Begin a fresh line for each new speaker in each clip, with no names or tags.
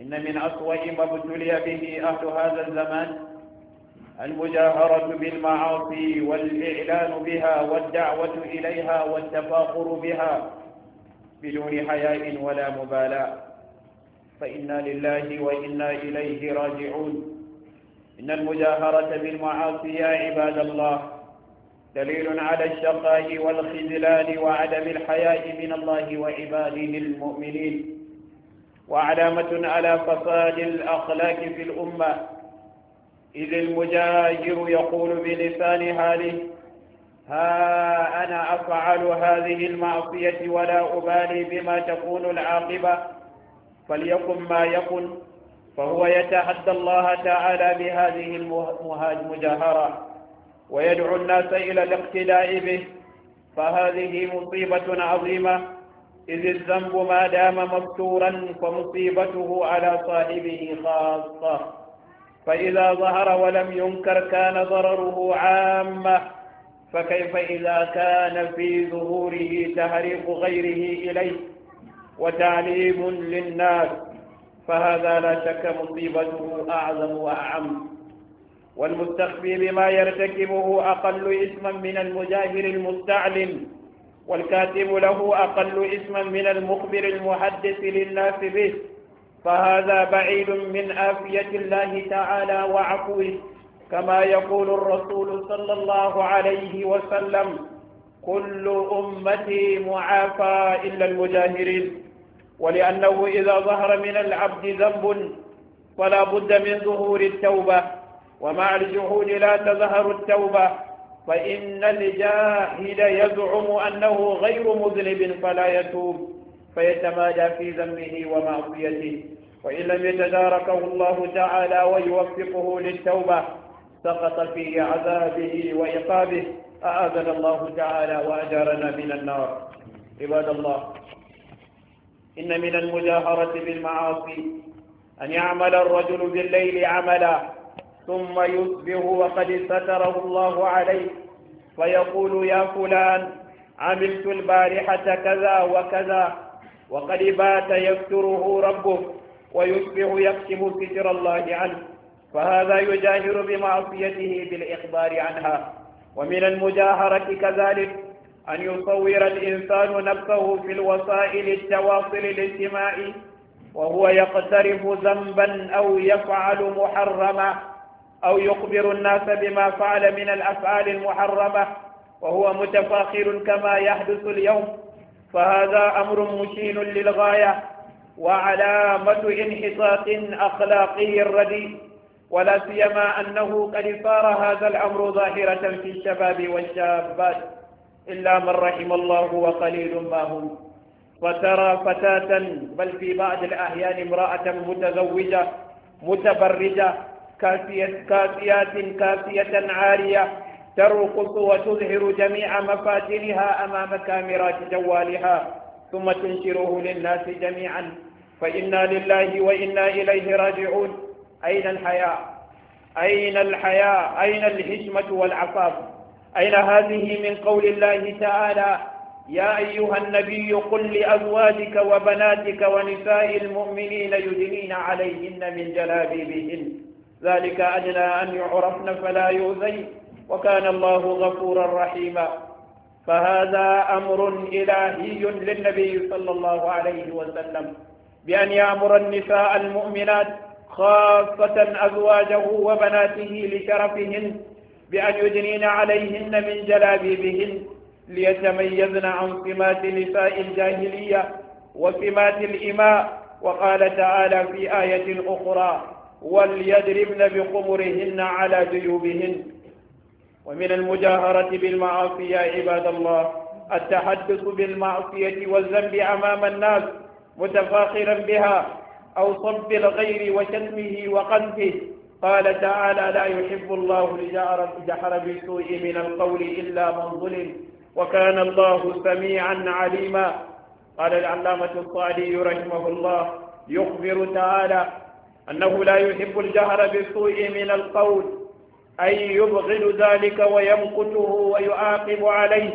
إن من أسوأ ما ابتلي به أهل هذا الزمان المجاهرة بالمعاصي والإعلان بها والدعوة إليها والتفاخر بها بدون حياء ولا مبالاة فإنا لله وإنا إليه راجعون إن المجاهرة بالمعاصي يا عباد الله دليل على الشقاء والخذلان وعدم الحياء من الله وعباده المؤمنين وعلامة على فساد الأخلاق في الأمة إذ المجاجر يقول بلسان حاله ها أنا أفعل هذه المعصية ولا أبالي بما تكون العاقبة فليكن ما يكن فهو يتحدى الله تعالى بهذه المجاهرة ويدعو الناس إلى الاقتداء به فهذه مصيبة عظيمة إذ الذنب ما دام مفتورا فمصيبته على صاحبه خاصة فإذا ظهر ولم ينكر كان ضرره عامة فكيف إذا كان في ظهوره تحريق غيره إليه وتعليم للناس فهذا لا شك مصيبته أعظم وأعم والمستخفي بما يرتكبه أقل إثما من المجاهر المستعلم والكاتب له أقل اسما من المخبر المحدث للناس به فهذا بعيد من آفية الله تعالى وعفوه كما يقول الرسول صلى الله عليه وسلم كل أمتي معافى إلا المجاهرين ولأنه إذا ظهر من العبد ذنب فلا بد من ظهور التوبة ومع الجهود لا تظهر التوبة فإن الجاهل يزعم أنه غير مذنب فلا يتوب فيتمادى في ذنبه ومعصيته وإن لم يتداركه الله تعالى ويوفقه للتوبة سقط في عذابه وعقابه أعاذنا الله تعالى وأجارنا من النار عباد الله إن من المجاهرة بالمعاصي أن يعمل الرجل بالليل عملا ثم يصبح وقد ستره الله عليه فيقول يا فلان عملت البارحة كذا وكذا وقد بات يستره ربه ويصبح يكتم ستر الله عنه فهذا يجاهر بمعصيته بالإخبار عنها ومن المجاهرة كذلك أن يصور الإنسان نفسه في الوسائل التواصل الاجتماعي وهو يقترف ذنبا أو يفعل محرما أو يخبر الناس بما فعل من الأفعال المحرمة وهو متفاخر كما يحدث اليوم فهذا أمر مشين للغاية وعلامة انحطاط أخلاقي رديء ولا سيما أنه قد صار هذا الأمر ظاهرة في الشباب والشابات إلا من رحم الله وقليل ما هم فترى فتاة بل في بعض الأحيان امرأة متزوجة متبرجة كافية كافيات كافية عارية ترقص وتظهر جميع مفاتنها أمام كاميرات جوالها ثم تنشره للناس جميعا فإنا لله وإنا إليه راجعون أين الحياء أين الحياء أين الهشمة والعصاب أين هذه من قول الله تعالى يا أيها النبي قل لأزواجك وبناتك ونساء المؤمنين يدنين عليهن من جلابيبهن ذلك أدنى أن يعرفن فلا يؤذين وكان الله غفورا رحيما فهذا أمر إلهي للنبي صلى الله عليه وسلم بأن يأمر النساء المؤمنات خاصة أزواجه وبناته لشرفهن بأن يدنين عليهن من جلابيبهن ليتميزن عن سمات نساء الجاهلية وسمات الإماء وقال تعالى في آية أخرى وليضربن بقبرهن على جيوبهن ومن المجاهرة بالمعاصي يا عباد الله التحدث بالمعصية والذنب أمام الناس متفاخرا بها أو صب الغير وشتمه وقنفه قال تعالى لا يحب الله الجهر بالسوء من القول إلا من ظلم وكان الله سميعا عليما قال العلامة الصالي رحمه الله يخبر تعالى أنه لا يحب الجهر بالسوء من القول أي يبغض ذلك ويمقته ويعاقب عليه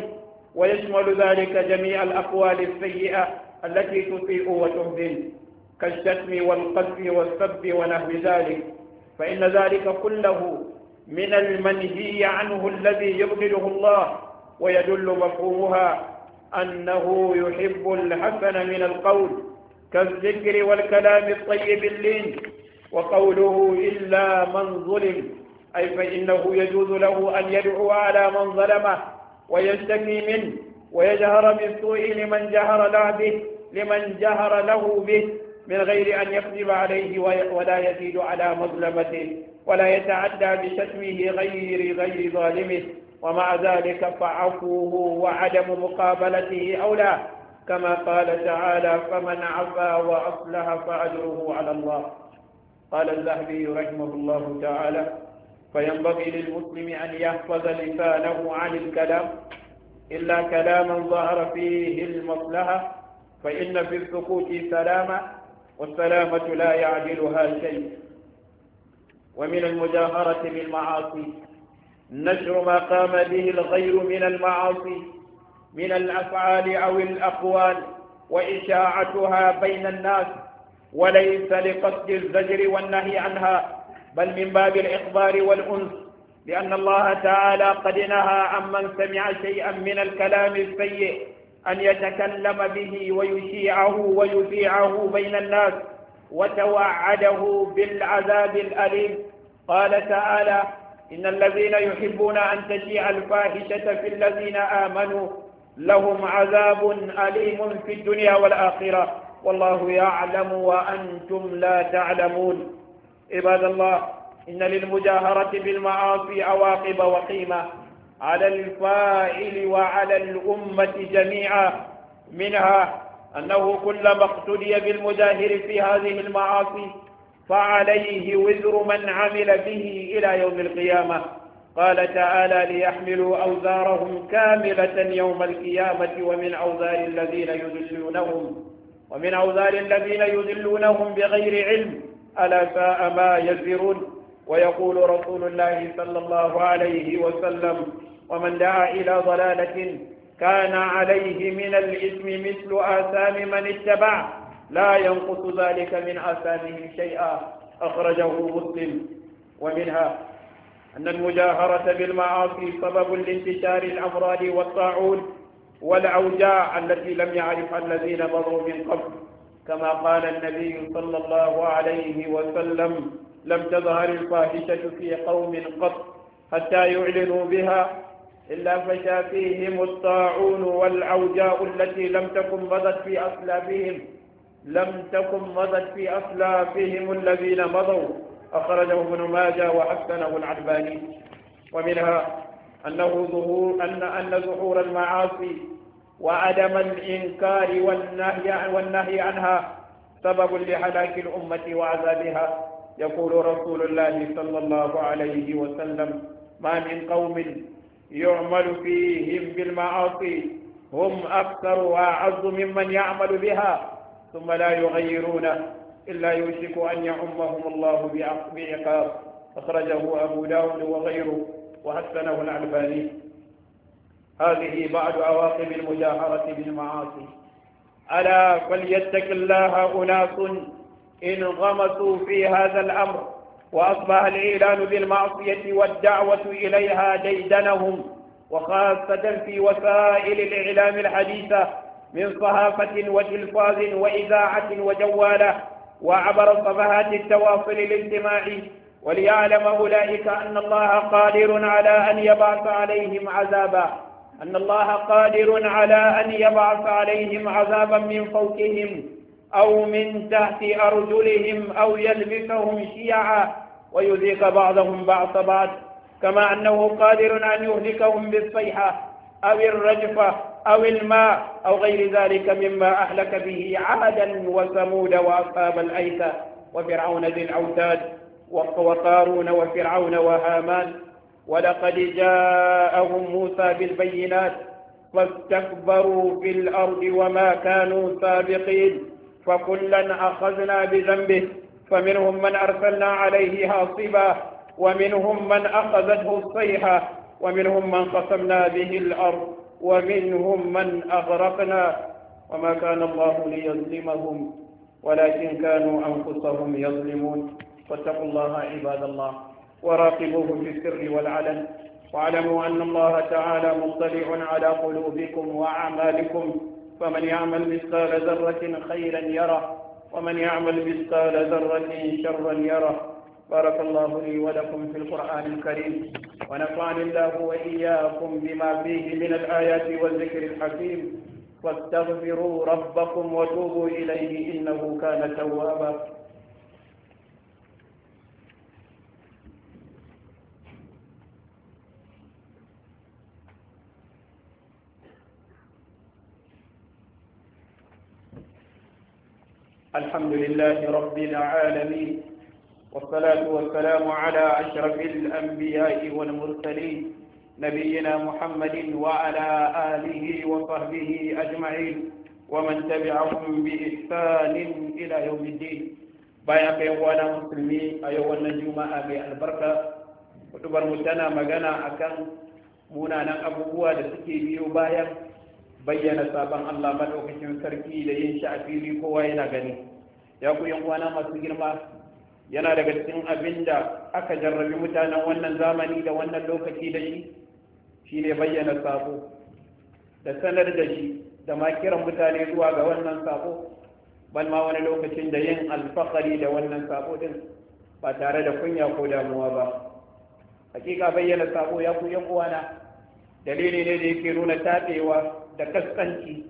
ويشمل ذلك جميع الأقوال السيئة التي تسيء وتهدم كالشتم والقذف والسب ونحو ذلك فإن ذلك كله من المنهي عنه الذي يبغضه الله ويدل مفهومها أنه يحب الحسن من القول كالذكر والكلام الطيب اللين وقوله إلا من ظلم أي فإنه يجوز له أن يدعو على من ظلمه ويشتكي منه ويجهر بالسوء لمن جهر له به لمن جهر له به من غير أن يكذب عليه ولا يزيد على مظلمته ولا يتعدى بشتمه غير غير ظالمه ومع ذلك فعفوه وعدم مقابلته أولى كما قال تعالى فمن عفا وأصلح فأجره على الله قال الذهبي رحمه الله تعالى فينبغي للمسلم أن يحفظ لسانه عن الكلام إلا كلاما ظهر فيه المصلحة فإن في السكوت سلامة والسلامة لا يعدلها شيء ومن المجاهرة بالمعاصي نشر ما قام به الغير من المعاصي من الأفعال أو الأقوال وإشاعتها بين الناس وليس لقصد الزجر والنهي عنها بل من باب الإخبار والأنس لأن الله تعالى قد نهى عمن سمع شيئا من الكلام السيء أن يتكلم به ويشيعه ويذيعه بين الناس وتوعده بالعذاب الأليم قال تعالى إن الذين يحبون أن تشيع الفاحشة في الذين آمنوا لهم عذاب أليم في الدنيا والآخرة والله يعلم وأنتم لا تعلمون عباد الله إن للمجاهرة بالمعاصي عواقب وقيمة على الفاعل وعلى الأمة جميعا منها أنه كلما اقتدي بالمجاهر في هذه المعاصي فعليه وزر من عمل به إلى يوم القيامة قال تعالى ليحملوا أوزارهم كاملة يوم القيامة ومن أوزار الذين يذلونهم ومن أوزار الذين يذلونهم بغير علم ألا ساء ما يزرون ويقول رسول الله صلى الله عليه وسلم ومن دعا إلى ضلالة كان عليه من الإثم مثل آثام من اتبع لا ينقص ذلك من آثامه شيئا أخرجه مسلم ومنها أن المجاهرة بالمعاصي سبب لانتشار الأمراض والطاعون والأوجاع التي لم يعرفها الذين مضوا من قبل كما قال النبي صلى الله عليه وسلم لم تظهر الفاحشة في قوم قط حتى يعلنوا بها إلا فشا فيهم الطاعون والعوجاء التي لم تكن مضت في أصلابهم لم تكن مضت في أصلابهم الذين مضوا أخرجه ابن ماجه وحسنه العلباني ومنها أنه ظهور أن أن ظهور المعاصي وعدم الإنكار والنهي والنهي عنها سبب لهلاك الأمة وعذابها يقول رسول الله صلى الله عليه وسلم ما من قوم يعمل فيهم بالمعاصي هم أكثر وأعز ممن يعمل بها ثم لا يغيرون إلا يوشك أن يعمهم الله بعقاب أخرجه أبو داود وغيره وحسنه العلباني هذه بعد عواقب المجاهرة بالمعاصي ألا فليتق الله أناس انغمسوا في هذا الأمر وأصبح الإعلان بالمعصية والدعوة إليها ديدنهم وخاصة في وسائل الإعلام الحديثة من صحافة وتلفاز وإذاعة وجوالة وعبر صفحات التواصل الاجتماعي وليعلم أولئك أن الله قادر على أن يبعث عليهم عذابا أن الله قادر على أن يبعث عليهم عذابا من فوقهم أو من تحت أرجلهم أو يلبسهم شيعا ويذيق بعضهم بعض بعض كما أنه قادر أن يهلكهم بالصيحة أو الرجفة أو الماء أو غير ذلك مما أهلك به عادا وثمود وأصحاب الأيكة وفرعون ذي الأوتاد وقارون وفرعون وهامان ولقد جاءهم موسى بالبينات فاستكبروا في الأرض وما كانوا سابقين فكلا أخذنا بذنبه فمنهم من أرسلنا عليه هاصبا ومنهم من أخذته الصيحة ومنهم من قسمنا به الأرض ومنهم من أغرقنا وما كان الله ليظلمهم ولكن كانوا أنفسهم يظلمون واتقوا الله عباد الله وراقبوه في السر والعلن واعلموا أن الله تعالى مطلع على قلوبكم وأعمالكم فمن يعمل مثقال ذرة خيرا يره ومن يعمل مثقال ذرة شرا يره بارك الله لي ولكم في القرآن الكريم ونفعني الله وإياكم بما فيه من الآيات والذكر الحكيم واستغفروا ربكم وتوبوا إليه إنه كان توابا الحمد لله رب العالمين والصلاة والسلام على أشرف الأنبياء والمرسلين نبينا محمد وعلى آله وصحبه أجمعين ومن تبعهم بإحسان إلى يوم الدين bayan kai wana musulmi a yau wannan juma'a mai albarka kudubar mu tana magana akan munanan abubuwa da suke biyo bayan bayyana sabon Allah madaukakin sarki da yin shi a kowa yana gani ya ku yan uwana masu girma yana daga cikin abin da aka jarrabi mutanen wannan zamani da wannan lokaci da shi shi ne bayyana sabo da sanar da shi da ma kiran mutane zuwa ga wannan sabo ban ma wani lokacin da yin alfahari da wannan sabo din ba tare da kunya ko damuwa ba hakika bayyana sabo ya ku yan uwana dalili ne da yake nuna tabewa da kaskanci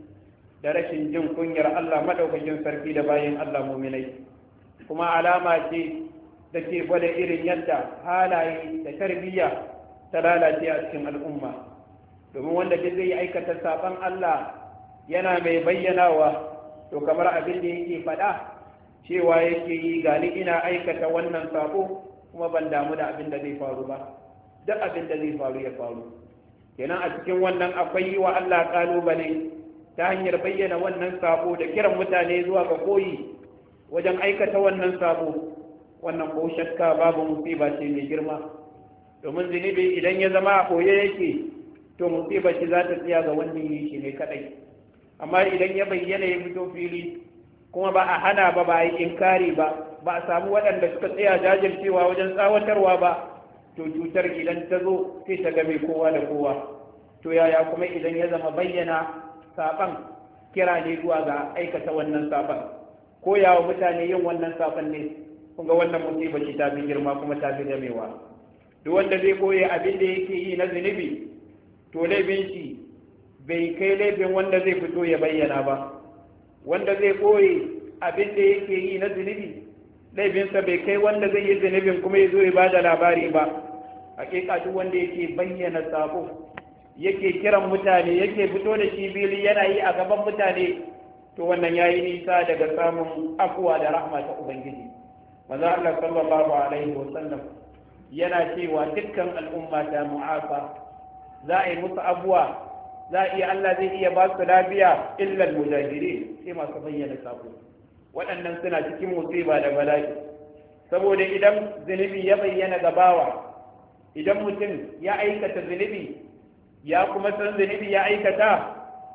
da rashin jin kunyar Allah madaukakin sarki da bayan Allah muminai kuma alama ce da ke gwada irin yadda halaye da tarbiyya ta lalace a cikin al'umma domin wanda ke zai aikata saban Allah yana mai bayyanawa to kamar abin da yake faɗa cewa yake yi gani ina aikata wannan sako kuma ban damu da abin da zai faru ba duk abin da zai faru ya faru kenan a cikin wannan akwai yi wa Allah kalubale ta hanyar bayyana wannan sabo da kiran mutane zuwa ga koyi wajen aikata wannan sabo wannan ko shakka babu musiba ce mai girma domin zunubi idan ya zama a koye yake to musiba ce za ta tsaya ga wanda yi shi ne kadai amma idan ya bayyana ya fito fili kuma ba a hana ba ba a yi inkari ba ba a samu waɗanda suka tsaya jajircewa wajen tsawatarwa ba to cutar idan ta zo sai ta game kowa da kowa to yaya kuma idan ya zama bayyana saban kira ne zuwa ga aikata wannan saban ko yawa mutane yin wannan saban ne kun ga wannan musibar shi ta fi girma kuma ta fi damewa duk wanda zai koye abin da yake yi na zunubi to laifin shi bai kai laifin wanda zai fito ya bayyana ba wanda zai koye abin da yake yi na zunubi laifinsa bai kai wanda zai yi zunubin kuma ya zo ya ba da labari ba hakika duk wanda yake bayyana sako yake kiran mutane yake fito da kibili yana yi a gaban mutane to wannan yayi nisa daga samun afuwa da rahma ta ubangiji manzo Allah sallallahu alaihi sallam. yana cewa dukkan al'umma ta mu'afa za a yi musu abuwa za a iya Allah zai iya ba su lafiya illal mujahiri sai masu bayyana sako waɗannan suna cikin musiba da bala'i saboda idan zunubi ya bayyana gabawa idan mutum ya aikata zunubi ya kuma san zunubi ya aikata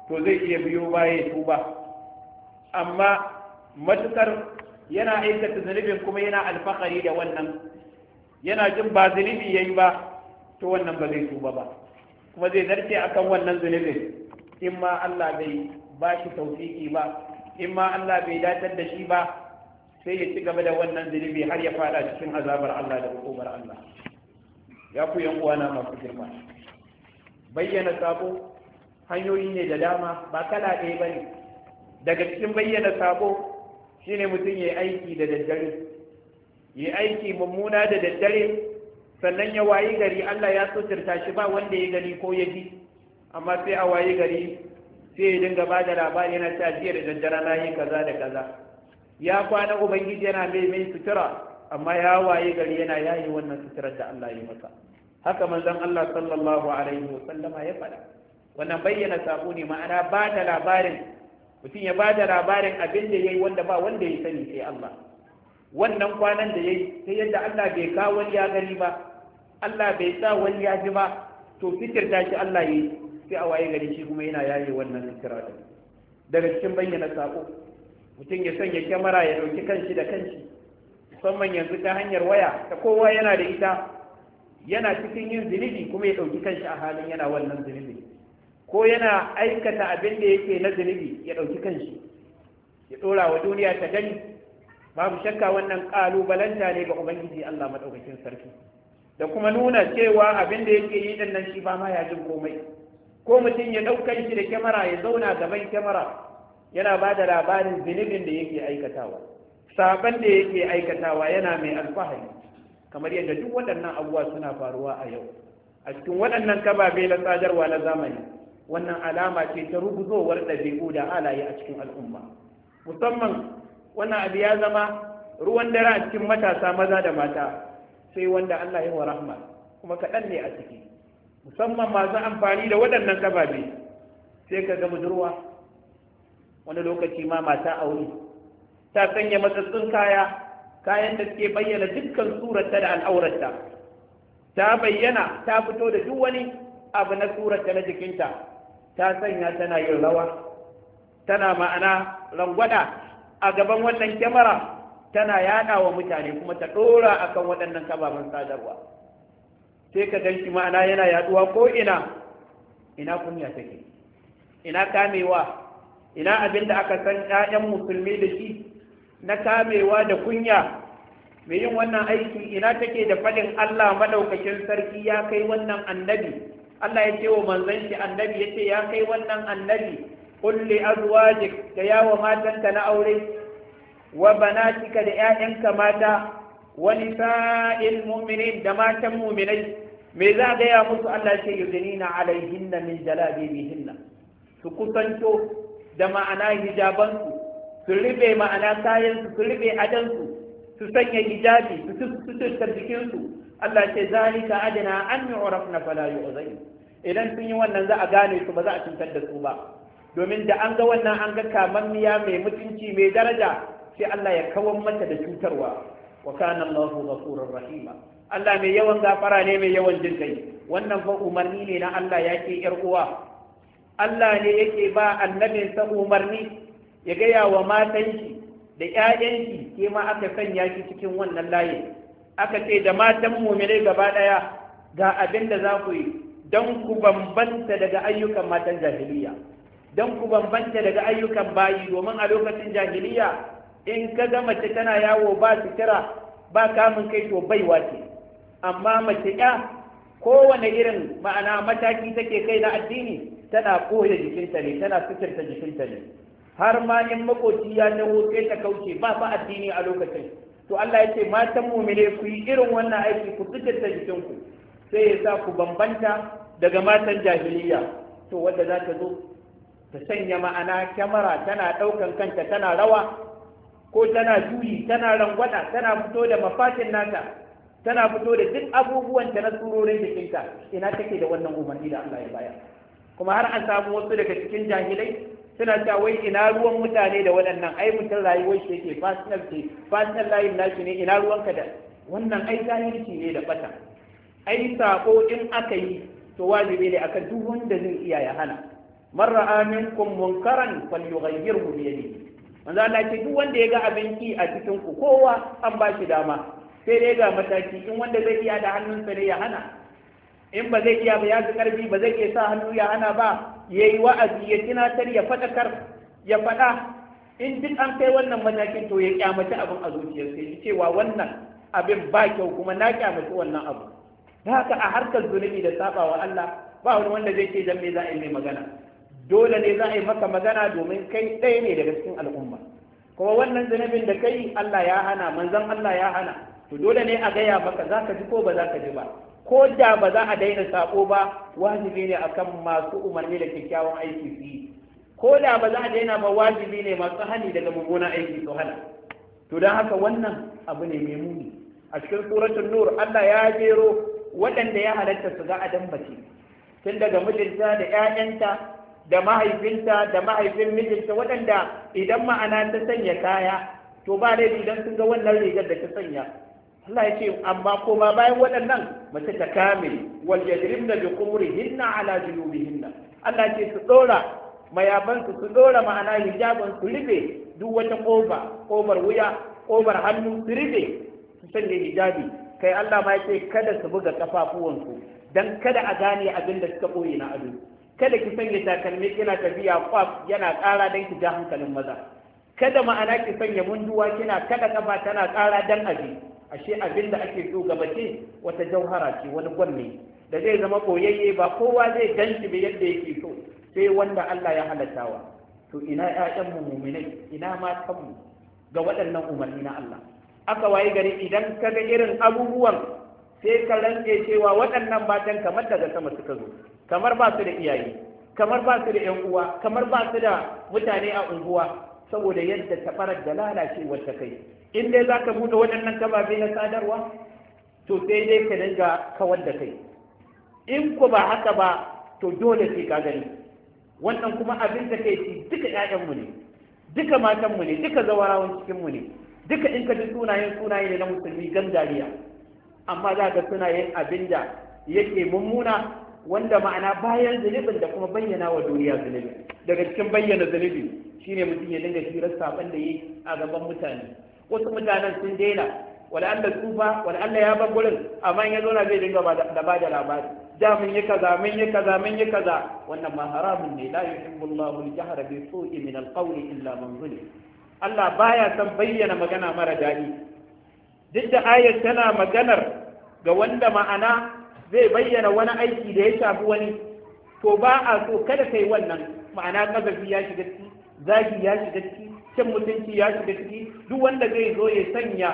to zai iya biyo baya ya tuba amma matukar yana aikata zunubin kuma yana alfahari da wannan yana jin ba zunubi ya yi ba to wannan ba zai tuba ba kuma zai zarce akan wannan zunubin in ma Allah bai ba shi ba in ma Allah bai datar da shi ba sai ya ci gaba da wannan zunubi har ya fada cikin azabar Allah da hukumar Allah ya ku yan uwana masu girma bayyana sabo hanyoyi ne da dama ba kala ɗaya ba ne daga cikin bayyana sabo shine mutum ya aiki da daddare ya aiki mummuna da daddare sannan ya wayi gari Allah ya suturta shi ba wanda ya gani ko ya ji amma sai a wayi gari sai ya dinga ba da labari yana ta jiya da daddare na yi kaza da kaza ya kwana ubangiji yana mai mai sutura amma ya waye gari yana yayi wannan suturar da Allah ya masa haka manzon Allah sallallahu alaihi wasallama ya faɗa wannan bayyana sabo ne ma'ana ba da labarin mutum ya ba da labarin abin da yayi wanda ba wanda ya sani sai Allah wannan kwanan da yayi sai yadda Allah bai kawo wani ya gani ba Allah bai sa wani ya ji ba to da shi Allah yi sai a waye gari shi kuma yana yayi wannan fitira daga cikin bayyana sako mutum ya sanya kyamara ya ɗauki kanshi da kanshi musamman yanzu ta hanyar waya ta kowa yana da ita yana cikin yin zunubi kuma ya ɗauki kanshi a halin yana wannan zunubi ko yana aikata abin da yake na zunubi ya ɗauki kanshi ya ɗora wa duniya ta gani babu shakka wannan ƙalubalanta ne ga ubangiji allah maɗaukakin sarki da kuma nuna cewa abin da yake yi ɗin nan shi ba ma ya jin komai ko mutum ya ɗaukan shi da kyamara ya zauna gaban kyamara yana ba da labarin zunubin da yake aikatawa saban da yake aikatawa yana mai alfahari kamar yadda duk waɗannan abuwa suna faruwa a yau a cikin waɗannan kababe na sadarwa na zamani wannan alama ce ta ruguzowar ɗabi'u da halaye a cikin al'umma musamman wannan abu ya zama ruwan dare a cikin matasa maza da mata sai wanda Allah yi wa rahma kuma kaɗan ne a ciki musamman masu amfani da waɗannan kababe sai ka ga budurwa wani lokaci ma mata aure ta sanya matsatsun kaya kayan da suke bayyana dukkan surarta da al'aurarta ta bayyana ta fito da duk wani abu na surarta na jikinta ta sanya tana yin rawa tana ma'ana rangwada a gaban wannan kyamara tana yada wa mutane kuma ta dora akan waɗannan kababan sadarwa sai ka gan shi ma'ana yana yaduwa ko ina ina kunya take ina kamewa ina abin da aka san 'ya'yan musulmi da shi na kamewa da kunya mai yin wannan aiki ina take da faɗin Allah madaukakin sarki ya kai wannan annabi Allah ya ce wa manzon shi annabi ya ce ya kai wannan annabi kulli azwajik da yawa matanka na aure wa banatika da 'ya'yanka mata wa nisa'il mu'minin da matan mu'minai me za ga ya musu Allah ce yudnina alaihinna min jalabibihinna su kusanto da ma'ana hijabansu su rufe ma'ana kayansu su rufe adansu su sanya hijabi su suturta jikinsu Allah ce zalika adana an yu'rafna fala yu'zai idan sun yi wannan za a gane su ba za a cutar da su ba domin da an ga wannan an ga kamammiya mai mutunci mai daraja sai Allah ya kawo mata da cutarwa wa kana Allahu ghafurur rahima Allah mai yawan gafara ne mai yawan jin kai wannan fa umarni ne na Allah yake yar uwa Allah ne yake ba annabinsa umarni ya gaya wa matanki da 'ya'yanki ke ma aka sanya ki cikin wannan layi aka ce da matan muminai gaba ɗaya ga abin da za ku yi don ku bambanta daga ayyukan matan jahiliya don ku bambanta daga ayyukan bayi domin a lokacin jahiliya in ka ga mace tana yawo ba kira ba kamun kai to baiwa ce amma mace ya kowane irin ma'ana mataki take kai na addini tana koya jikinta ne tana suturta jikinta ne har ma in makoci ya taho sai ta kauce ba ba addini a lokacin to Allah ya ce matan mumine ku yi irin wannan aiki ku fitar da jikinku sai ya sa ku bambanta daga matan jahiliya to wanda za ta zo ta sanya ma'ana kyamara tana ɗaukan kanta tana rawa ko tana juyi tana rangwada tana fito da mafatin nata tana fito da duk abubuwan ta na surorin jikinta ina take da wannan umarni da Allah ya bayar kuma har an samu wasu daga cikin jahilai suna cewa wai ina ruwan mutane da waɗannan ai mutum rayuwar shi yake personal ce personal life shi ne ina ruwanka da wannan ai zahirci ne da bata ai sako in aka yi to wajibi ne akan duk wanda zai iya ya hana man ra'a minkum munkaran falyughayyirhu bi yadihi manzo Allah ce duk wanda ya ga abin ki a cikin ku kowa an ba shi dama sai dai ga mataki in wanda zai iya da hannunsa ne ya hana in ba zai iya ba ya ga karfi ba zai iya sa hannu ya ana ba ya yi wa'azi ya tunatar ya fadakar ya faɗa in duk an kai wannan matakin to ya kyamaci abin a zuciyarsa ya cewa wannan abin ba kyau kuma na kyamaci wannan abu da haka a harkar zunubi da sabawa Allah ba wani wanda zai ce dan me za a yi mai magana dole ne za a yi maka magana domin kai ɗaya ne daga cikin al'umma kuma wannan zunubin da kai Allah ya hana manzon Allah ya hana to dole ne a gaya maka za ka ji ko ba za ka ji ba ko da ba za a daina sako ba wajibi ne akan masu umarni da kyakkyawan aiki su yi ko da ba za a daina ba wajibi ne masu hani daga mummunan aiki su hana to don haka wannan abu ne mai muni a cikin suratul nur Allah ya jero waɗanda ya halatta su ga adam bace tun daga mijinta da ƴaƴanta da mahaifinta da mahaifin mijinta waɗanda idan ma'ana ta sanya kaya to ba laifi idan sun ga wannan rigar da ta sanya Allah ya ce amma koma bayan waɗannan mace ta kame wal da bi qumrihinna ala junubihinna Allah ya ce su dora mayaban su dora ma'ana hijabin su rufe duk wata koba kofar wuya kofar hannu su rufe su sanya hijabi kai Allah ma ya ce kada su buga su dan kada a gane abin da suka koyi na ado kada ki sanya takalmi kina tafiya kwaf yana ƙara dan ki ja hankalin maza kada ma'ana ki sanya munduwa kina kada kafa tana ƙara dan aji ashe abin da ake so gaba ce wata jauhara ce wani gwanne da zai zama koyayye ba kowa zai gan ba yadda yake so sai wanda Allah ya halattawa to ina ƴaƴan mu'minai ina matanmu ga waɗannan umarni na Allah aka waye gari idan ka ga irin abubuwan sai ka rantse cewa waɗannan matan kamar daga sama suka zo kamar ba su da iyaye kamar ba su da ƴan uwa kamar ba su da mutane a unguwa saboda yadda ta fara da lalacewar ta kai in dai za ka buɗe waɗannan kababe na sadarwa to sai dai ka dinga kawar da kai in ku ba haka ba to dole sai ka gani wannan kuma abin da kai shi duka ƴaƴanmu ne duka matanmu ne duka zawarawan cikinmu ne duka in ka ji sunayen sunaye ne na musulmi dariya. amma za suna sunayen abin da yake mummuna wanda ma'ana bayan zunubin da kuma bayyana wa duniya zunubi daga cikin bayyana zunubi ne mutum ya dinga hirar saban da yi a gaban mutane wasu mutanen sun daina an Allah tsufa an Allah ya bar gurin amma in ya zo na zai dinga da ba da labari da mun yi kaza mun yi kaza mun yi kaza wannan ma haramun ne la yuhibbu Allahu al-jahra bi su'i min al-qawl illa man zulim Allah baya san bayyana magana mara daɗi duk da ayat tana maganar ga wanda ma'ana zai bayyana wani aiki da ya shafi wani to ba a so kada kai wannan ma'ana kazafi ya shiga cikin zagi ya shiga ciki cin mutunci ya shiga ciki duk wanda zai zo ya sanya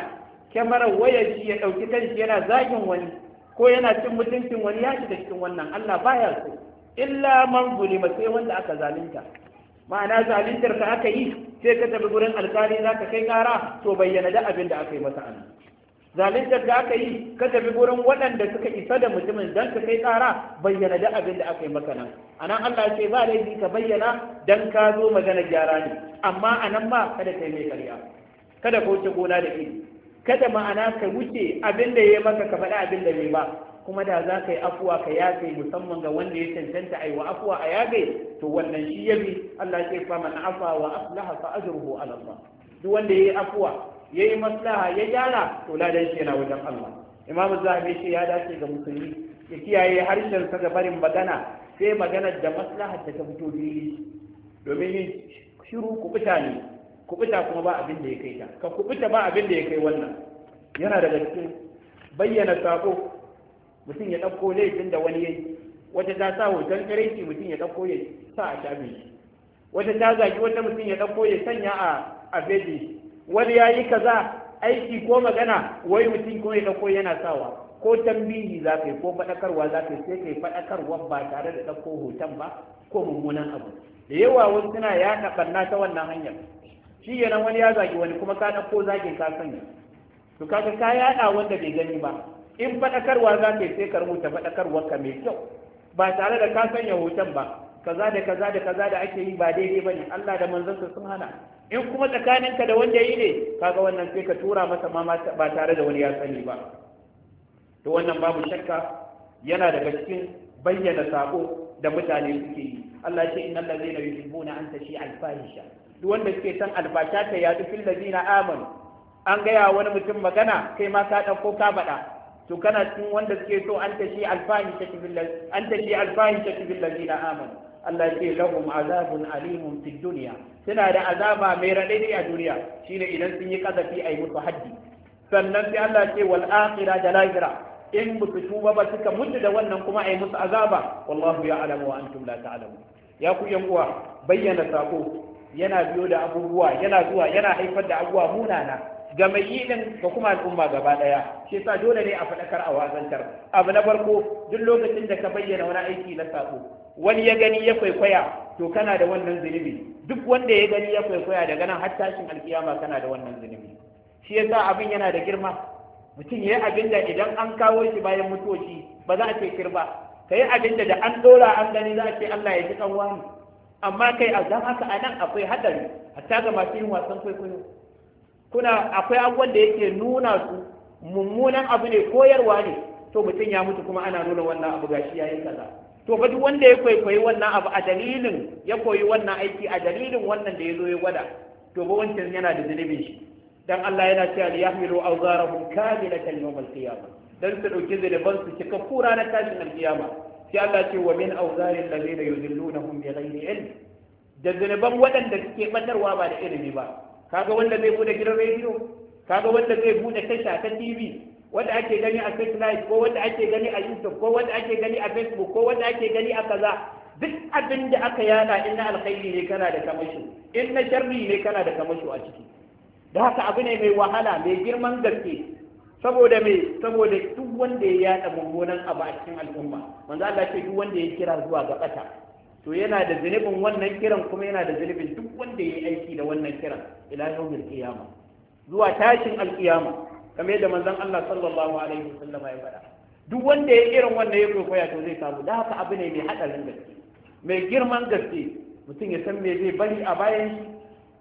kyamarar wayar shi ya ɗauki kanshi yana zagin wani ko yana cin mutuncin wani ya shiga cikin wannan Allah baya so illa man zulima sai wanda aka zalunta ma'ana zaluntar ka aka yi sai ka tafi gurin alkali zaka kai kara to bayyana da abin da aka yi masa annabi zaluntar da aka yi ka tafi gurin waɗanda suka isa da mutumin don ka kai tsara bayyana da abin da aka yi maka nan a nan Allah ce ba laifi ka bayyana don ka zo magana gyara ne amma a nan ma kada ka yi mai karya kada ka wuce gona da iri kada ma'ana ka wuce abin da ya maka ka faɗi abin da bai ba kuma da za ka yi afuwa ka yafe musamman ga wanda ya cancanta a yi wa afuwa a yafe to wannan shi yabi Allah ce fa man afa wa aslaha fa ajruhu ala Allah duk wanda yayi afwa yayi maslaha ya gyara to ladan shi yana wajen Allah imam zahabi shi ya dace ga musulmi ya kiyaye harshen sa ga barin magana sai magana da maslaha ta fito fili domin yin shiru kubuta ne kubuta kuma ba abin da ya kai ta ka kubuta ba abin da ya kai wannan yana daga cikin bayyana sako mutum ya ɗauko laifin da wani yayi wata ta sa hoton kareci mutum ya ɗauko ya sa a shafin shi wata ta zaki wata mutum ya ɗauko ya sanya a a wani ya yi kaza aiki ko magana wai mutum ko ya ko yana sawa ko tambihi za ka yi ko faɗakarwa za ka yi sai ka yi faɗakarwa ba tare da ɗauko hoton ba ko mummunan abu da yawa wani suna ya ɓarna ta wannan hanyar shi yana wani ya zagi wani kuma ka ɗauko zagin ka sanya to kaga ka yaɗa wanda bai gani ba in faɗakarwa za ka yi sai ka rubuta faɗakarwar ka mai kyau ba tare da ka sanya hoton ba kaza da kaza da kaza da ake yi ba daidai ne, Allah da manzansa sun hana in kuma tsakaninka da wanda yi ne kaga wannan sai ka tura masa ma ba tare da wani ya sani ba to wannan babu shakka yana daga cikin bayyana sako da mutane suke yi Allah ce inna ladzina yuhibbuna an tashi alfahisha duk wanda suke san albasha ta ya fil ladzina aman, an gaya wani mutum magana kai ma ka dauko ka faɗa to kana cikin wanda suke so an tashi alfahisha fil an tashi Allah ce lahum azabun alimun fid suna da azaba mai raɗaɗi a duniya shine idan sun yi kazafi yi musu haddi sannan sai Allah ce wal akhira da lahira in musu tuba ba suka mutu da wannan kuma yi musu azaba wallahu ya'lamu wa antum la ta'lamun ya ku yan uwa bayyana sako yana biyo da abubuwa yana zuwa yana haifar da abubuwa munana ga mai yi din ga kuma al'umma gaba daya shi sa dole ne a faɗakar a wazantar abu na farko duk lokacin da ka bayyana wani aiki na sako wani ya gani ya kwaikwaya to kana da wannan zunubi duk wanda ya gani ya kwaikwaya daga nan har tashin alkiyama kana da wannan zunubi shi yasa abin yana da girma mutum yayi yi abin da idan an kawo shi bayan mutuwaci ba za a ce kirba ka yi abin da da an dora an gani za a ce Allah ya ji kan wani amma kai a zan haka a akwai hadari hatta ga masu yin wasan kwaikwayo kuna akwai abubuwan da yake nuna su mummunan abu ne koyarwa ne to mutum ya mutu kuma ana nuna wannan abu gashi yayin kaza to fa duk wanda ya kwaikwayi wannan abu a dalilin ya koyi wannan aiki a dalilin wannan da ya zo ya gwada to ba wancan yana da zunubin shi dan Allah yana cewa ya yahmilu awzarahum kamilatan yawm al-qiyamah dan su dauki zuluban su cika kura na tashin al qiyamah sai Allah ce wa min awzaril ladina yudillunahum bighayri ilm da zunuban waɗanda suke batarwa ba da ilimi ba kaga wanda zai bude gidan rediyo kaga wanda zai bude tasha ta TV wanda ake gani a Facebook ko wanda ake gani a YouTube ko wanda ake gani a Facebook ko wanda ake gani a kaza duk abin da aka yada in na alkhairi ne kana da kamashi in na sharri ne kana da kamashi a ciki da haka abu ne mai wahala mai girman gaske saboda me saboda duk wanda ya yada mummunan abu a cikin al'umma manzo Allah ce duk wanda ya kira zuwa ga bata to yana da zunubin wannan kiran kuma yana da zunubin duk wanda ya yi aiki da wannan kiran ila yawmil qiyama zuwa tashin alqiyama kamar yadda manzon Allah sallallahu alaihi wasallam ya faɗa duk wanda ya irin wannan ya koya to zai samu da haka abu ne mai hadarin gaske mai girman gaske mutum ya san me zai bari a bayan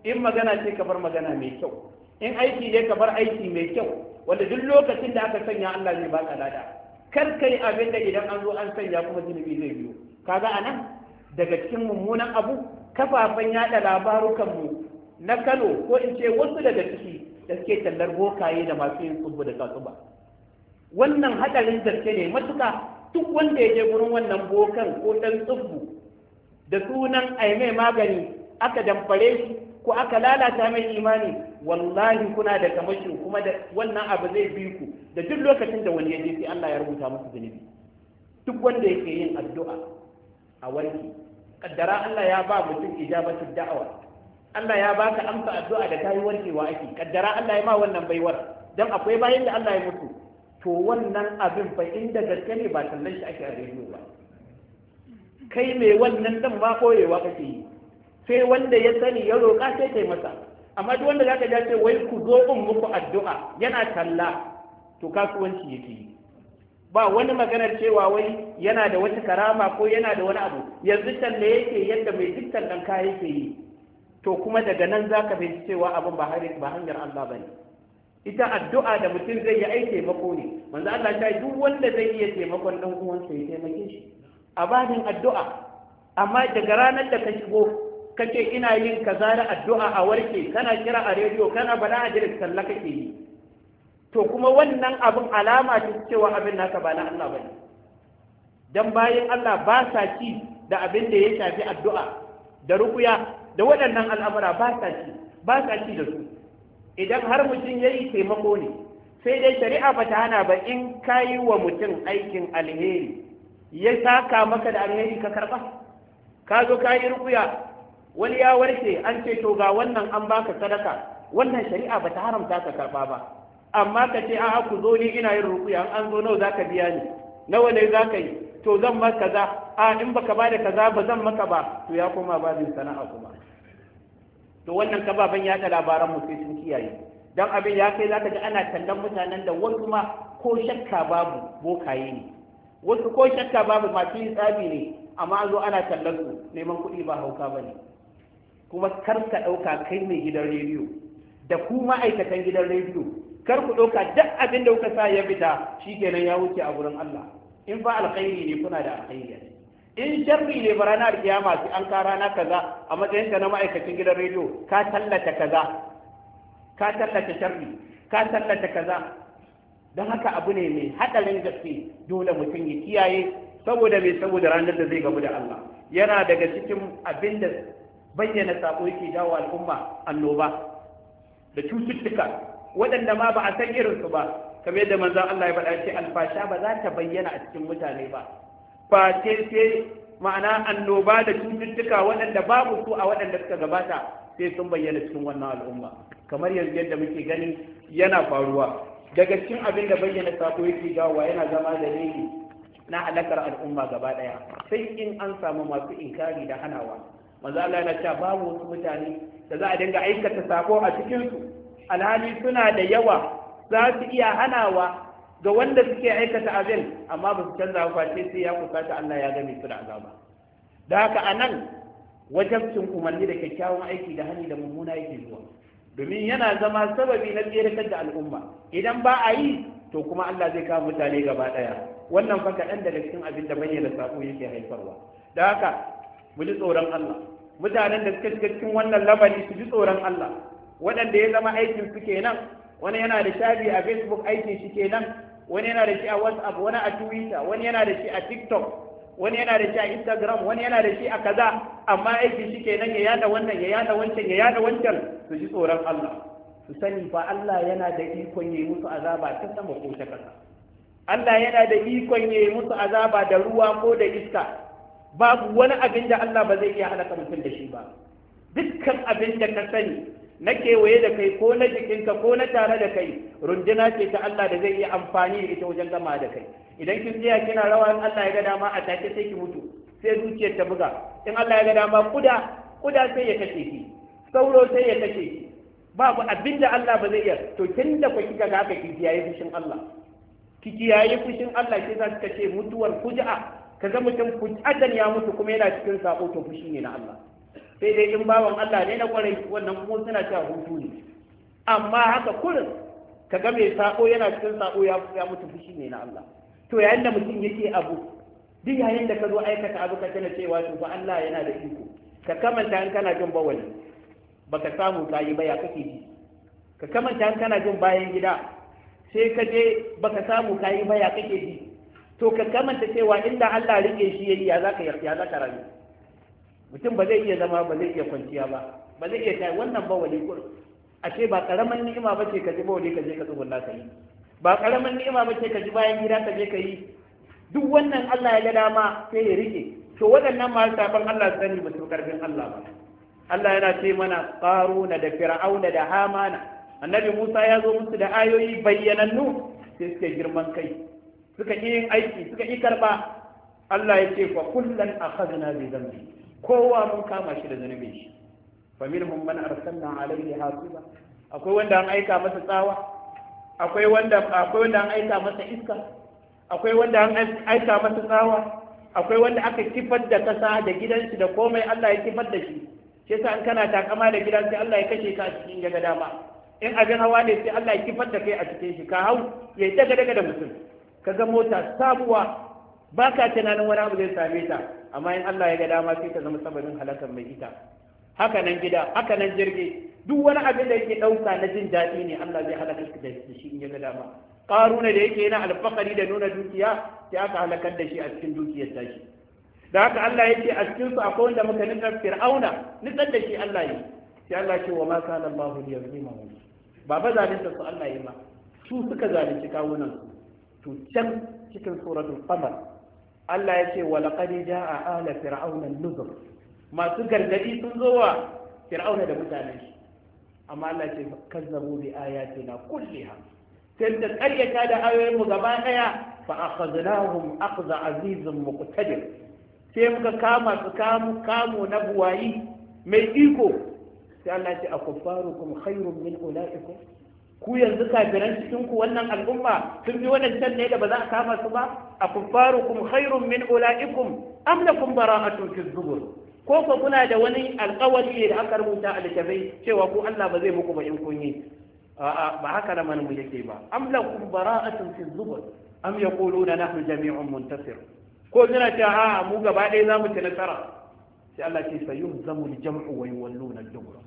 shi in magana ce ka bar magana mai kyau in aiki ne ka bar aiki mai kyau wanda duk lokacin da aka sanya Allah zai baka lada kar kai abin da idan an zo an sanya kuma zunubi zai biyo kaga anan daga cikin mummunan abu kafafen yada labarukanmu na Kano ko in ce wasu daga ciki da suke tallar bokaye da masu yin tsubbu da tsatsuba wannan hadarin zarce ne matuka duk wanda ya je gurin wannan bokan ko dan tsubu da sunan ai magani aka damfare shi ko aka lalata mai imani wallahi kuna da kamashin kuma da wannan abu zai bi ku da duk lokacin da wani ya je sai Allah ya rubuta musu zunubi duk wanda yake yin addu'a a warki kaddara Allah ya ba mutum ijabatu da'awa Allah ya baka amsa addu'a da kayi warkewa ake kaddara Allah ya ma wannan baiwar dan akwai bayan da Allah ya mutu to wannan abin fa inda gaske ne ba tallan shi ake a ba kai mai wannan dan ba koyewa kake yi sai wanda ya sani ya roƙa sai kai masa amma duk wanda zaka ja sai wai ku zo in muku addu'a yana talla to kasuwanci yake yi ba wani maganar cewa wai yana da wata karama ko yana da wani abu yanzu talle yake yadda mai dukkan tallan ka yake yi to kuma daga nan za ka fahimci cewa abin ba hanyar Allah ba ne ita addu'a da mutum zai yi aiki taimako ne manzo Allah ta yi duk wanda zai iya taimakon ɗan uwansa ya taimake shi a babin addu'a amma daga ranar da ka shigo kace ina yin kaza da addu'a a warke kana kira a rediyo kana bala a jirin talla kake yi to kuma wannan abin alama ce cewa abin naka ba na Allah ne. dan bayan Allah ba sa ci da abin da ya shafi addu'a da rukuya da waɗannan al'amura ba sa ci ba sa ci da su idan har mutum ya yi taimako ne sai dai shari'a ba ta hana ba in ka yi wa mutum aikin alheri ya saka maka da alheri ka karɓa ka zo ka yi rukuya wani ya warke an ce to ga wannan an baka sadaka wannan shari'a ba ta haramta ka karɓa ba amma ka ce a'a ku zo ni ina yin rukuya an zo nawa za ka biya ni nawa ne za ka yi to zan ma kaza a in baka ba da kaza ba zan maka ba to ya koma babin sana'a kuma to wannan kababan ya ta labaran mu sai sun kiyaye dan abin ya kai zaka ji ana tallan mutanen da wasu ma ko shakka babu bokaye ne wasu ko shakka babu masu yin tsabi ne amma zo ana tallan su neman kuɗi ba hauka bane kuma kar ka ɗauka kai mai gidan rediyo da ku ma'aikatan gidan rediyo kar ku ɗauka duk abin da kuka sa ya fita shi kenan ya wuce a gurin Allah in fa alkhairi ne kuna da alkhairi in sharri ne ba ranar kiyama masu an ka rana kaza a matsayin ka na ma'aikacin gidan rediyo ka tallata kaza ka tallata sharri ka tallata kaza don haka abu ne mai hadarin gaske dole mutum ya kiyaye saboda mai saboda ranar da zai gamu da Allah yana daga cikin abin da bayyana sako yake dawo al'umma annoba da cututtuka waɗanda ma ba a san irinsu ba kamar yadda manzan Allah ya faɗa ce alfasha ba za ta bayyana a cikin mutane ba face sai ma'ana annoba da cututtuka waɗanda babu su a waɗanda suka gabata sai sun bayyana cikin wannan al'umma kamar yanzu yadda muke gani yana faruwa daga cikin abin da bayyana sako yake gawa yana zama da ne na halakar al'umma gaba ɗaya sai in an samu masu inkari da hanawa manzo Allah yana cewa babu wasu mutane da za a dinga aikata sako a cikin su alhali suna da yawa za su iya hanawa ga wanda suke aikata abin amma ba su canza ce sai ya kusata Allah ya gami su da azaba da haka a nan wajabcin umarni da kyakkyawan aiki da hani da mummuna yake zuwa domin yana zama sababi na tseratar da al'umma idan ba a yi to kuma Allah zai kawo mutane gaba ɗaya wannan fa kaɗan daga cikin abin da bayyana sako yake haifarwa da haka mu ji tsoron Allah mutanen da suka shiga cikin wannan labari su ji tsoron Allah waɗanda ya zama aikin su kenan wani yana da shafi a facebook aikin shi kenan wani yana da shi a whatsapp wani a twitter wani yana da shi a tiktok wani yana da shi a instagram wani yana da shi a kaza amma aikin shi kenan ya yada wannan ya yada wancan ya yada wancan su ji tsoron Allah su sani fa Allah yana da ikon yi musu azaba ta sama ko ta kasa Allah yana da ikon yi musu azaba da ruwa ko da iska babu wani abin da Allah ba zai iya halaka mutum da shi ba dukkan abin da ka sani na kewaye da kai ko na jikinka ko na tare da kai runduna ce ta Allah da zai yi amfani da ita wajen gama da kai idan kin jiya kina rawa in Allah ya ga dama a take sai ki mutu sai zuciyar ta buga in Allah ya ga dama kuda kuda sai ya kashe ki sauro sai ya kashe ki babu abin Allah ba zai iya to kin da ku kika ga ka ki kiyaye fushin Allah ki kiyaye fushin Allah sai za ka ce mutuwar fuja'a kaga mutum fujadan ya mutu kuma yana cikin sako to fushi ne na Allah sai dai in bawan Allah ne na kwarai wannan kuma suna cewa hutu ne amma haka kurin ka ga mai sako yana cikin sako ya mutu fushi ne na Allah to yayin da mutum yake abu duk yayin da ka zo aikata abu ka tana cewa to fa Allah yana da iko ka kamanta in kana jin bawali baka samu kayi ba ya kake ji ka kamanta in kana jin bayan gida sai ka je baka samu kayi ba ya kake ji to ka kamanta cewa inda Allah rike shi yayi ya zaka ya zaka rayu mutum ba zai iya zama ba zai iya kwanciya ba ba zai iya kai wannan ba wali kur ashe ba karaman ni'ima ba ce ka ji ba wali ka je ka tsugunna ka yi ba karaman ni'ima ba ce ka ji bayan gida ka je ka yi duk wannan Allah ya ga dama sai ya rike to waɗannan ta ban Allah sani ba su karfin Allah ba Allah yana ce mana na da fir'auna da hamana annabi Musa ya zo musu da ayoyi bayyanannu sai suke girman kai suka yi aiki suka yi karba Allah ya ce fa kullan akhadna bi dhanbi kowa mun kama shi da zunubin shi fa minhum man arsalna alayhi hasiba akwai wanda an aika masa tsawa akwai wanda akwai wanda an aika masa iska akwai wanda an aika masa tsawa akwai wanda aka kifar da kasa da gidansu da komai Allah ya kifar da shi sai sa an kana takama da gidan sai Allah ya kashe ka a cikin daga dama in abin hawa ne sai Allah ya kifar da kai a cikin shi ka hau ya daga daga da mutum ka ga mota sabuwa ba ka tunanin wani abu zai same ta amma in Allah ya ga dama sai ta zama sabarin halakar mai ita haka nan gida haka nan jirgi duk wani abin da yake ɗauka na jin daɗi ne Allah zai halakar da shi in ya ga dama ƙaruna da yake yana alfakari da nuna dukiya sai aka halakar da shi a cikin dukiyar tashi da haka Allah ya ce a cikin su akwai wanda muka nuna fir'auna nitsar da shi Allah yi sai Allah ce wa ma kana Allahu mu ba ba zalunta su Allah yi ma su suka zalunci kawunan su to can cikin suratul qamar Allah ya ce ja a ala fir'auna nuzur masu gargadi sun zo wa fir'auna da mutanen shi amma Allah ce kazzabu bi ayatina kulliha sai da ƙaryata da ayoyin mu gaba daya fa akhadnahum akhdha azizun muqtadir sai muka kama su kamu kamu na buwayi mai iko sai Allah ce akuffarukum khairun min ulaiikum ku yanzu kafiran cikin ku wannan al'umma sun bi wadancan ne da ba za a kama su ba a kum khairun min ulaikum am lakum bara'atun fi zubur ko ko kuna da wani alƙawari ne da aka rubuta a littafai cewa ko Allah ba zai muku ba in kun yi a'a ba haka lamarin mu yake ba am lakum bara'atun fi zubur am yaquluna nahnu jami'un muntasir ko suna cewa a'a mu gaba ɗaya za mu ci nasara sai Allah ce sayuhzamu al-jam'u wa yuwalluna ad-dubur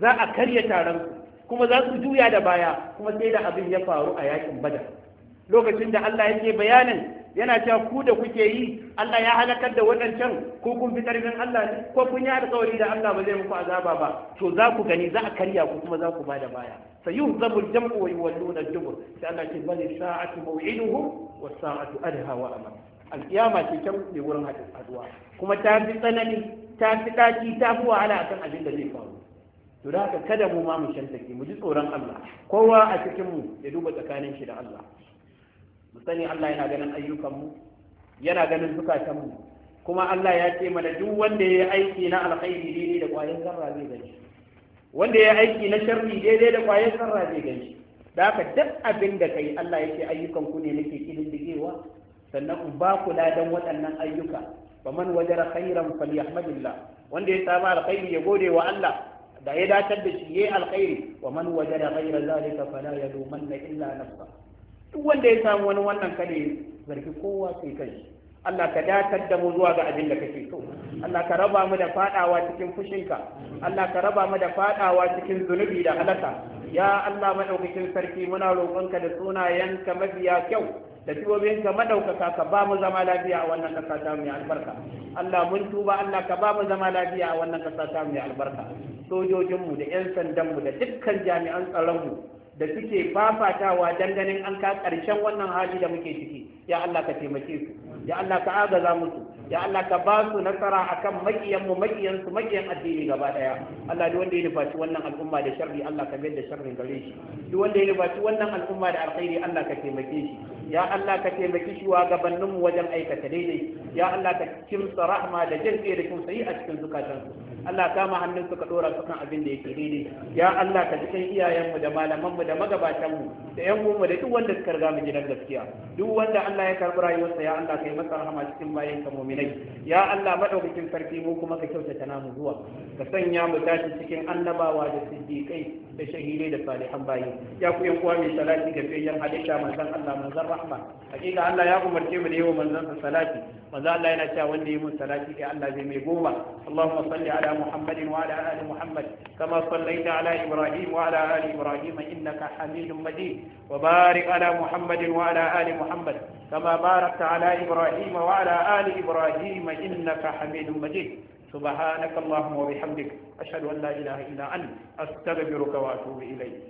za a karya taron ku. kuma za su juya da baya kuma sai da abin ya faru a yakin badar lokacin da Allah yake bayanin yana cewa ku da kuke yi Allah ya halakar da waɗancan ko kun fi ƙarfin Allah ne ko kun yi alƙawari da Allah ba zai muku azaba ba to za ku gani za a karya ku kuma za ku ba da baya fa yuhzabul jam'u wa yuwalluna dubur sai Allah ce bal sa'atu maw'iduhum wa sa'atu adha wa amam alƙiyama ce can ne wurin haduwa kuma ta fi tsanani ta fi ɗaci ta fi wahala akan abin da zai faru to da haka kada mu ma mu shantake mu ji tsoron Allah kowa a cikin mu ya duba tsakanin shi da Allah mu sani Allah yana ganin ayyukan mu yana ganin zukatan mu kuma Allah ya ce mana duk wanda ya yi aiki na alkhairi daidai da kwayan zarra zai gani wanda ya aiki na sharri daidai da kwayan zarra zai gani da haka duk abin da kai Allah yake ayyukan ku ne nake kididdigewa sannan in ba ku ladan waɗannan ayyuka faman wajara khairan falyahmadillah wanda ya samu alkhairi ya gode wa Allah da ya datar da shi yayi alkhairi wa man wajada ghayra zalika fala na illa nafsa duk wanda ya samu wani wannan kade zargi kowa sai kai Allah ka datar da mu zuwa ga abin da kake so Allah ka raba mu da fadawa cikin fushinka Allah ka raba mu da fadawa cikin zunubi da halaka ya Allah madaukakin sarki muna roƙonka da sunayenka mafiya kyau da cibobin ka madaukaka ka ba mu zama lafiya a wannan kasa ta mu albarka Allah mun tuba Allah ka ba mu zama lafiya a wannan kasa ta mu albarka sojojin mu da yan sandan mu da dukkan jami'an tsaron mu da suke fafatawa dan ganin an ka ƙarshen wannan hali da muke ciki ya Allah ka taimake su ya Allah ka agaza musu ya Allah ka ba su nasara akan makiyan mu makiyan su makiyan addini gaba daya Allah duk wanda ya nufaci wannan al'umma da sharri Allah ka mayar sharrin gare shi duk wanda ya nufaci wannan al'umma da alkhairi Allah ka taimake shi ya Allah ka taimaki shi wa gabanin mu wajen aikata daidai ya Allah ka kimsa rahma da jin da kimsa yi a cikin zukatansu Allah kama hannun suka dora su kan abin da yake daidai ya Allah ka cikin iyayenmu da malamanmu da magabatanmu da yan mu da duk wanda suka riga mu gidan gaskiya duk wanda Allah ya karbi rayuwarsa ya Allah kai masa rahama cikin bayan ka mu'minai ya Allah madaukakin sarki mu kuma ka kyautata namu zuwa ka sanya mu tashi cikin annabawa da siddiqai da shahidai da salihan bayi ya ku yan uwa mai salati ga fiyayyen halitta manzon Allah manzon rahma hakika Allah ya umarce mu da yawa manzon salati manzon Allah yana cewa wanda ya mun salati kai Allah zai mai goma Allahumma salli ala على محمد وعلى آل محمد كما صليت على إبراهيم وعلى آل إبراهيم إنك حميد مجيد وبارك على محمد وعلى آل محمد كما باركت على إبراهيم وعلى آل إبراهيم إنك حميد مجيد سبحانك اللهم وبحمدك أشهد أن لا إله إلا أنت أستغفرك وأتوب إليك